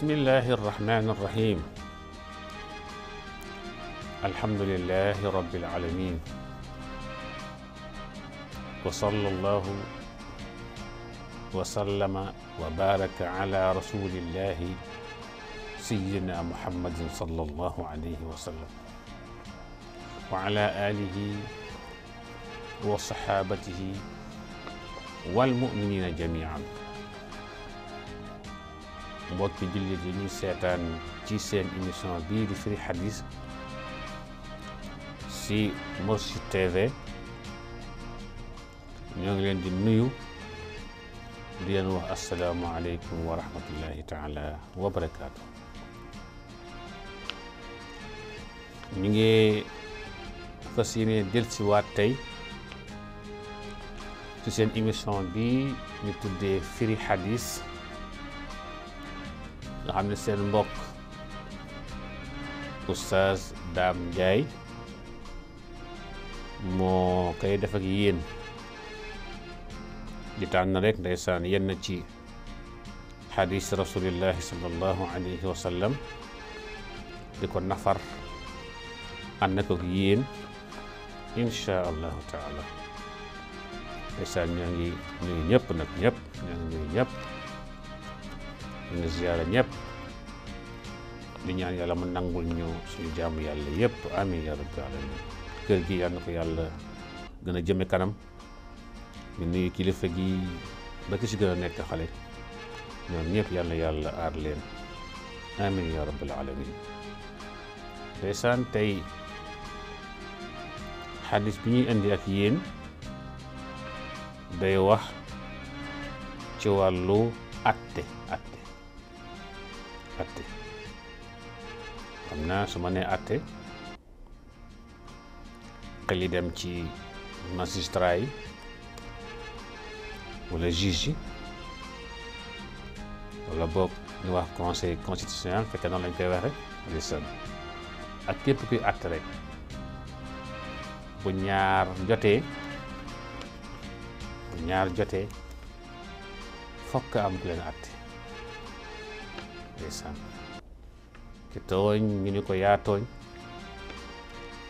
بسم الله الرحمن الرحيم الحمد لله رب العالمين وصلى الله وسلم وبارك على رسول الله سيدنا محمد صلى الله عليه وسلم وعلى آله وصحابته والمؤمنين جميعاً mbokki jullit yi ñuy seetaan ci seen émission bii di fri xadis si Mourchid TV ñoo ngi leen di nuyu di leen wax asalaamaaleykum wa rahmatullahi taala wa barakaatu ñu ngi fas yéene dellusiwaat tey ci seen émission bi ñu tuddee firi xadis nga xam ne seen mbokk oustaz Dame Ndiaye moo koy def ak yéen di tànn rek ndeysaan yenn ci xadis rasulillahi sallallahu alayhi wa di ko nafar ànd ak ak yéen incha taala ndeysaan ñoo ngi ñuy ñëpp nag ñëpp ñuy ñëpp ñu ziyaara ñëpp di ñaan yàlla mu nangul ñu suñu jaamu yàlla yëpp amin ya rabbi alamin kër gi yal na ko yàlla gën a jëme kanam ñu nuyu kilifa gi ba ki si gën a nekk xale ñoom ñëpp yal yàlla aar leen amin ya rabbil alamin ndeysaan tey xadis bi ñuy indi ak yéen day wax ci wàllu atte atte xam naa su ma nee atte xel yi dem ci magistrat yi wala juge yi wala boog ñu wax conseil constitutionnel fekkee noonu lañ koy waxe listen ak képp kuy atte rek bu ñaar jotee bu ñaar jotee fokk am ku leen ndeysaan ki tooñ ñu ni ko yaa tooñ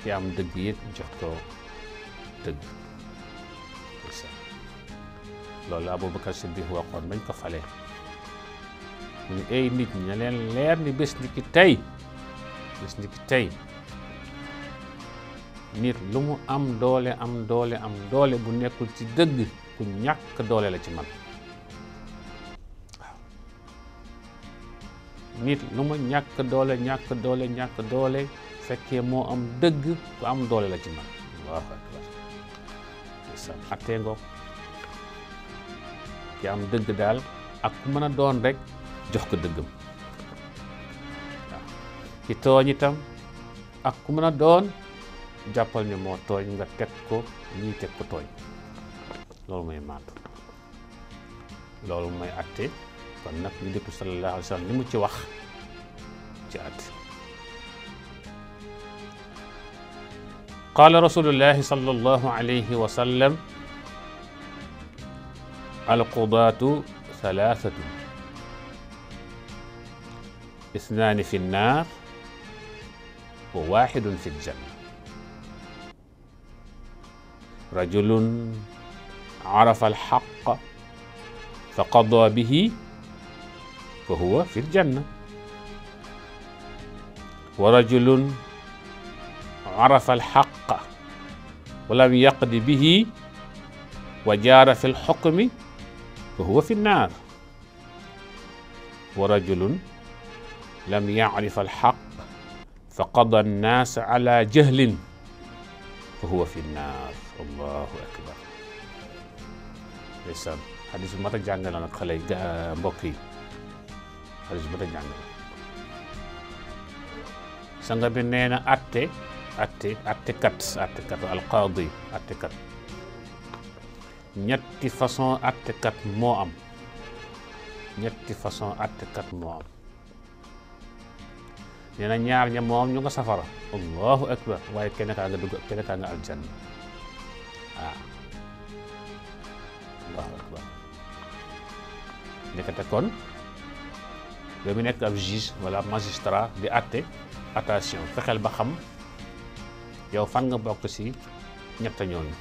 ki am dëgg yit jox ko dëgg loolu Aboubacar Siddiq waxoon bañ ko falee mu ni ay nit ñi na leen leer ni bés ni ki tey bés ni ki nit lu mu am doole am doole am doole bu nekkul ci dëgg ku ñàkk doole la ci man nit lu ma ñàkk doole ñàkk doole ñàkk doole fekkee moo am dëgg ku am doole la ci man allahu akbar ndeysaan attee ngoog ki am dëgg daal ak ku mën a doon rek jox ko dëggam waaw ki tooñ itam ak ku mën a doon jàppal ne moo tooñ nga teg ko ñii teg ko tooñ loolu mooy maandu loolu mooy atte kon nag yonent bi sallallahu alayhi wa sallam li mu ci wax ci at qaala rasulullahi sallallahu alayhi wa sallam alqudaatu salaasatu isnaani fi nnaar wa waaxidun fi ljanna rajulun arafa alxaq fa qadaa bihi فهو في الجنة ورجل عرف الحق ولم يقد به وجار في الحكم فهو في النار ورجل لم يعرف الحق فقضى الناس على جهل فهو في النار الله أكبر ndeysaan xadis bu mat a jàngale nag xale yi mbokk yi xadis bu da jàng sanga bi nee na atte atte attekat attekat alqaadi attekat ñetti façon attekat moo am ñetti façon attekat moo am nee ñaar ña moom ñu nga safara allahu akbar waaye kenn kaa nga dugg kenn kaa nga aljanna allahu akbar nekkate kon yow mi nekk ab juge wala magistrat di àtte attention fexeel ba xam yow fan nga bokk ci ñett ñooñu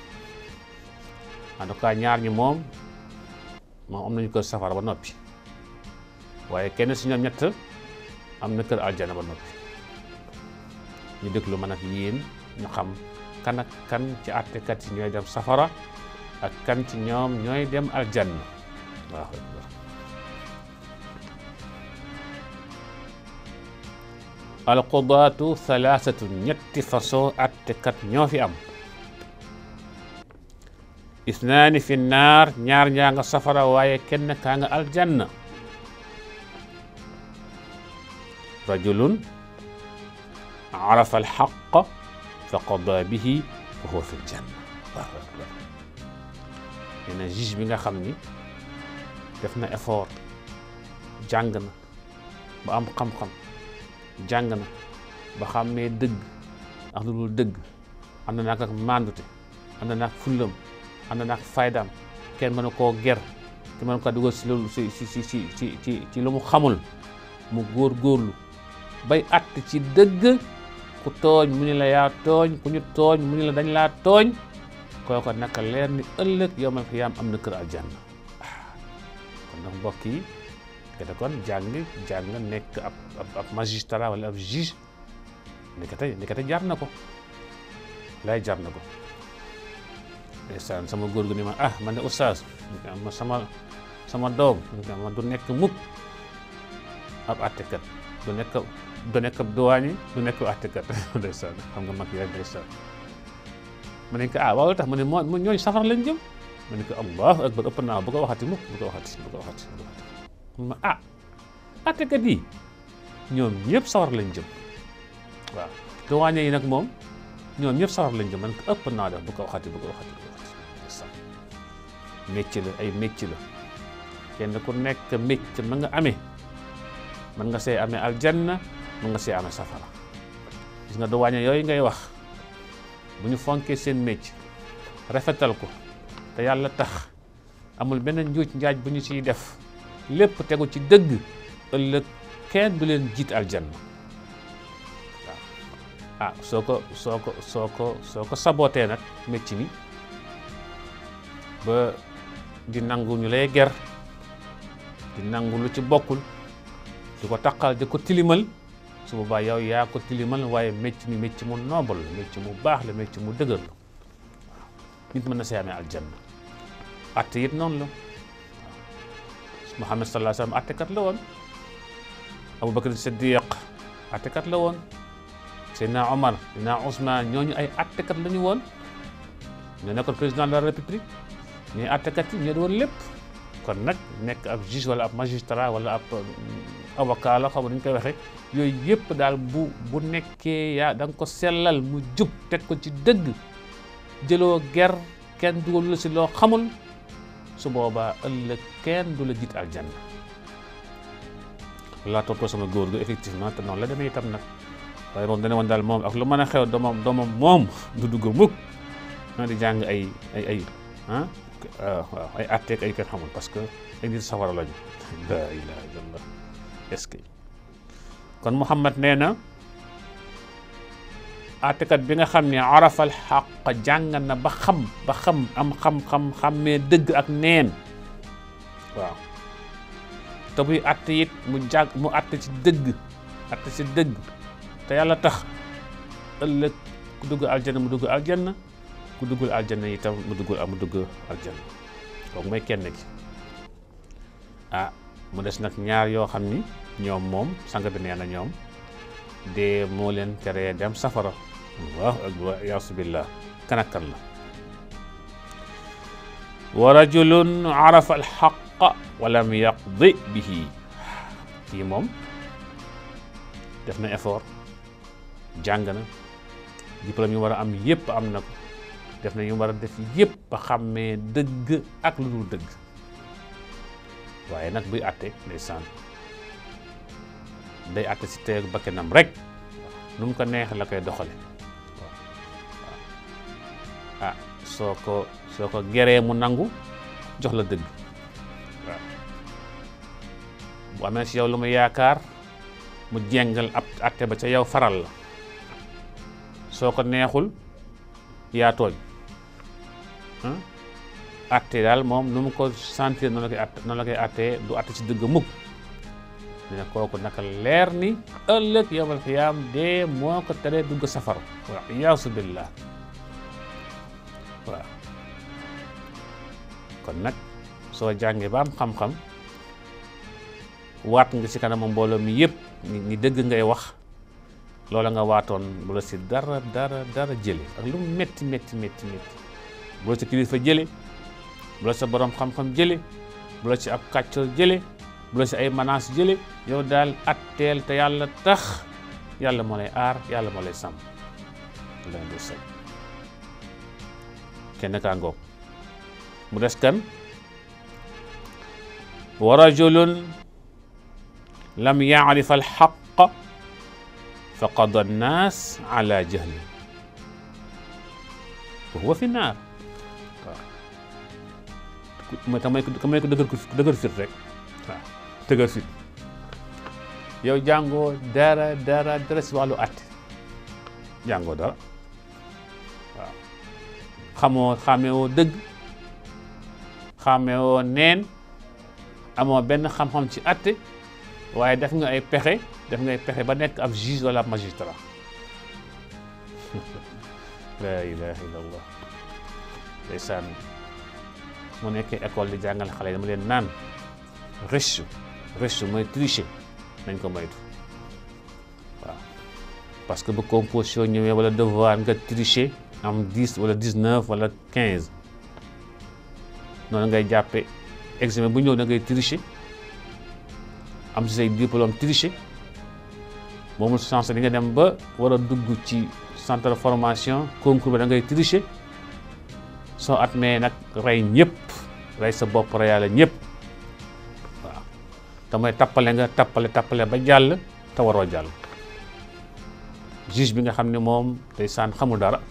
en tout cas ñaar ñi moom moom am nañu kër safara ba noppi waaye kenn ci ñoom ñett am na kër aljana ba noppi ñu déglu man ak yéen ñu xam kan ak kan ci àttekat yi ñooy dem safara ak kan ci ñoom ñooy dem aljanna waaw alqudaatu thalaasatu ñetti façon attekat ñoo fi am isnaani fi naar ñaar ñaa nga safara waaye kenn kaa nga aljanna rajulun arafa alxaqa fa qada bihi wa huwa fi aljanna allahu akbar nee na juge bi nga xam ni def na effort jàng na ba am xam-xam jàng na ba xàmmee dëgg ak lu dul dëgg am naag ak màndute ànd na fullam ànd naag na kenn mën a koo ger te mën ko dugal si ko si si si si ci ci lu mu xamul mu góor góorlu bay att ci dëgg ku tooñ mu ni la yaa tooñ ku ñu tooñ mu ni la dañ laa tooñ kooko naka leer ni ëllëg yow ma yaam am na kër aljanna ah, kon nag mbokk yi nekkate kon jàng jàng nekk ab ab magistrat wala ab juge tey nekkate jar na ko lay jar na ko ndeysaan sama góor gu ne ma ah man ne oustaz ma sama sama doom ma du nekk mukk ab àttekat du nekk du nekk ab duwaañi du nekk ab àttekat ndeysaan xam nga mag yaay ndeysaan ma ne ko ah waaw tax ma ne moo ñooñu safara lañ jëm ma ne ko allahu akbar ëpp naa bu ko waxati mukk bu ko waxati bu ko waxati bu ko waxati ma ah attekat yi ñoom ñëpp sawar lañ jëm waaw dowaane yi nag moom ñoom ñëpp sawar lañ jëm man ko ëpp naa def bu ko waxati bu ko waxati bu la ay métier la kenn ku nekk métier ma nga amee mën nga see amee aljanna mën nga see amee safara gis nga waañe yooyu ngay wax bu ñu fonkee seen métier rafetal ko te yàlla tax amul benn njuuj njaaj bu ñu ciy def lépp tegu ci dëgg ëllëg kenn du leen jiit aljanna waaw ah soo ko soo ko soo ko soo ko sabootee nag métti mi ba di nangu ñu lay ger di nangu lu ci bokkul di ko taqal di ko tilimal su boobaa yow yaa ko tilimal waaye métti mi métti mu noobal la métti mu baax la métti mu dëgër la nit mën na see amee aljanna at it noonu la Muhammad sallallahu alayhi wa sallam attekat la woon Abubakar Siddiq attekat la woon Seydina Omar Seydina Ousmane ñooñu ay attekat la ñu woon ñoo nekkoon président de la république ñooy attekat yi ñoo di woon lépp kon nag nekk ab juge wala ab magistrat wala ab euh, avocat la xaw ma dañu koy waxee yooyu yëpp daal bu bu nekkee yaa da nga ko sellal mu jub teg ko ci dëgg jëloo ger kenn dugal lu si loo xamul su boobaa ëllëg kenn du la jiit aljanna laa toppoo sama góor gu effectivement te noonu la deme itam nag waaye moom dana woon daal moom ak lu mën a xew doomam doomam moom du dugg mukk na di jàng ay ay ay ah waaw ay atteek ay kenn xamul parce que ay nit safara lañu la ilaha illallah est-ce que kon Muhammad nee na àttekat bi nga xam ne arafal xaq jàng na ba xam ba xam am xam-xam xammee dëgg ak neen waaw te buy àtte it mu jàng mu àtt ci dëgg àtte ci dëgg te yàlla tax ëllëg ku dugg aljanna mu dugg aljanna ku duggul aljanna itam mu duggul am mu dugg aljanna kooku mooy kenn ki ah mu des nag ñaar yoo xam ni ñoom moom sang bi nee na ñoom dee moo leen teree dem safara allahu akbar yaasu billah kan ak kan la wa rajulun arafa alxaqa walam yaqdi bihi kii moom def na effort jàng na diplôme yu war a am yëpp am na ko def na yu war a def yëpp ba xàmmee dëgg ak lu dul dëgg waaye nag buy àtte ndeysaan day àtte si teeg bakkanam rek nu mu ko neex la koy doxale soo ko soo ko geree mu nangu jox la dëgg waaw bu amee si yow lu mu yaakaar mu jengal ab atte ba ca yow faral la soo ko neexul yaa tooñ atte daal moom nu mu ko sentir noonu la du atte ci dëgg mukk ne kooku naka leer ni ëllëg yowmal xiyaam dee moo ko tere dugg safara waaw iyaasu billah waaw kon nag soo jàngee ba am xam-xam waat nga si kanam mbooloo mi yëpp ni dëgg ngay wax loola nga waatoon bu la ci dara dara dara jële ak lu mu métti métti métti métti bu la ci kilifa jële bu la sa borom xam-xam jële bu la ci ab kàccoor jële bu la ci ay manaas jële yow daal atteel te yàlla tax yàlla moo lay aar yàlla moo lay sàmm leen di sëñ kenn kaa ngoog mu des kan wa rajulun lam yaarif alxaq fa qada annaas ala jahlin wa huwa fi naar waaw ka may ko dëgër fit rek waaw dëgër fit yow jàngoo dara dara dara si wàllu at jàngoo dara xamoo xàmmewoo dëgg xàmmewoo neen amoo benn xam-xam ci atte waaye def nga ay pexe def ay pexe ba nekk ab juge wala magistrat la ilaha illallah ndeysaan mu nekkee école di jàngal xale yi dama leen naan rëccu rëccu mooy tricher nañ ko moytu waaw parce que bu composition ñëwee wala devoir nga tricher am 10 wala 19 wala 15 noonu ngay jàppe examen bu ñëw da ngay tricher am si say diplôme tricher moomul chance di nga dem ba war a dugg ci centre formation concours bi da ngay tricher at atmee nag rey ñëpp rey sa bopp reyaale ñëpp waaw te tappale nga tappale tappale ba jàll te waroo jàll juge bi nga xam ne moom day saan xamul dara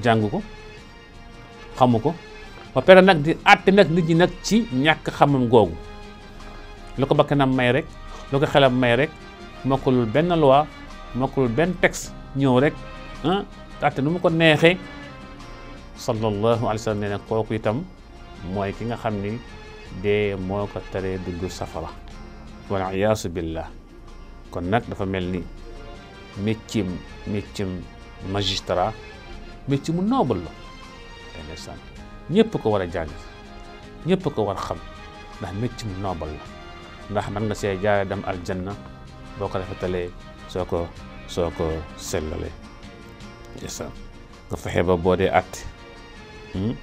jàng ko xamu ko ba pare nag di àtte nag nit ñi nag ci ñàkk xamam googu lu ko bakkanam may rek lu ko xelam may rek mokkulul benn loi mokkulul benn texte ñëw rek ah nu mu ko neexee sallallahu alayhi wa kooku itam mooy ki nga xam ni dee moo ko teree dugg safara wala iyaasu billah kon nag dafa mel ni méccim méccim métier mu noobal la ndeysaan ñëpp ko war a jàng ñëpp ko war a xam ndax métier mu noble la ndax mën nga see jaare dem aljanna boo ko rafetalee soo ko soo ko sellalee nga fexe ba boo dee àtt hmm?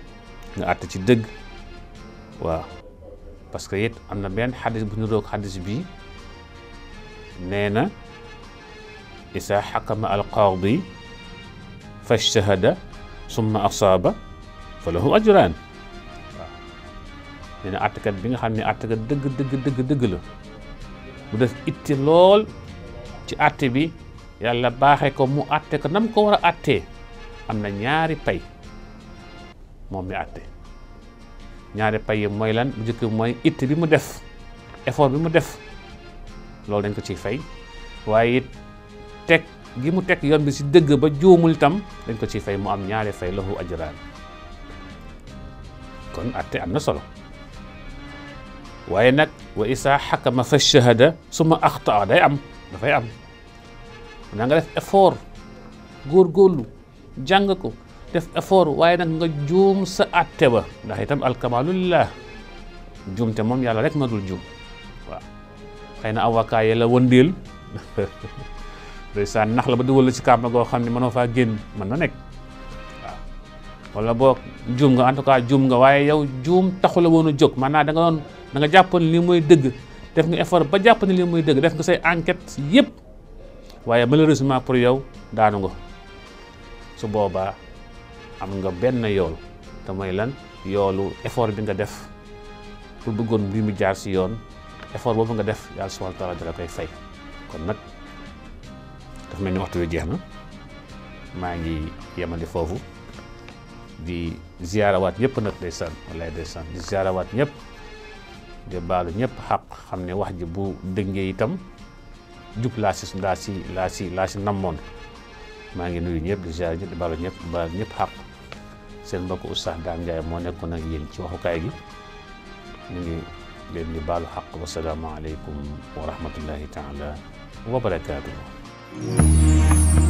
nga àtt ci dëgg waaw parce que it am na benn xadis bu niroog xadis bii nee na isa xakama alqaadi fa ijtahada summa asaaba fa lahu ajraan waaw nee na àttekat bi nga xam ne àttekat dëgg dëgg dëgg dëgg la mu def itti lool ci àtte bi yàlla baaxe ko mu àtte ko nam ko war a àttee am na ñaari pay moom mi àtte ñaari pay yi mooy lan bu njëkk mooy itti bi mu def effort bi mu def loolu dañ ko ciy fay waaye it teg gi mu tekk yoon bi si dëgg ba juumul itam dañ ko ci fay mu am ñaari fay lahu ajraan kon atte am na solo waaye nag wa isa xakama fa shahada suma ma axtaa day am dafay am naa nga def effort góorgóorlu jàng ko def effort waaye nag nga juum sa atte ba ndax itam alkamaalu lillah juumte moom yàlla rek ma dul juum waaw na avocat yi la wëndeel ndeysaan nax la ba dugal la ci kàmb xam ne mënoo faa génn mën na nekk waaw wala boo juum nga en tout cas juum nga waaye yow juum taxu la woon a jóg maanaam da nga doon da nga jàppoon li mooy dëgg def nga effort ba jàpp ne li mooy dëgg def nga say enquête yëpp waaye malheureusement pour yow daanu nga su boobaa am nga benn yool te mooy lan yoolu effort bi nga def pour bëggoon bi mu jaar si yoon effort boobu nga def yàlla subhanahu wa taala koy fay kon nag dafa mel ni waxtu wi jeex na maa ngi yemandi foofu di ziyaarawaat ñëpp nag ndeysaan wallaay ndeysaan di ziyaarawaat ñëpp di baalu ñëpp xaq xam ne wax ji bu dëngee itam jub laa si laa si laa maa ngi nuyu ñëpp di ziyaar ñëpp di baalu ñëpp di baalu ñëpp xaq seen mbokk Oustaz Dame Ndiaye moo nekkoon ak yéen ci waxukaay gi ñu ngi leen di baalu xaq wasalaamaaleykum wa rahmatullahi taala wa barakaatuhu Thank you.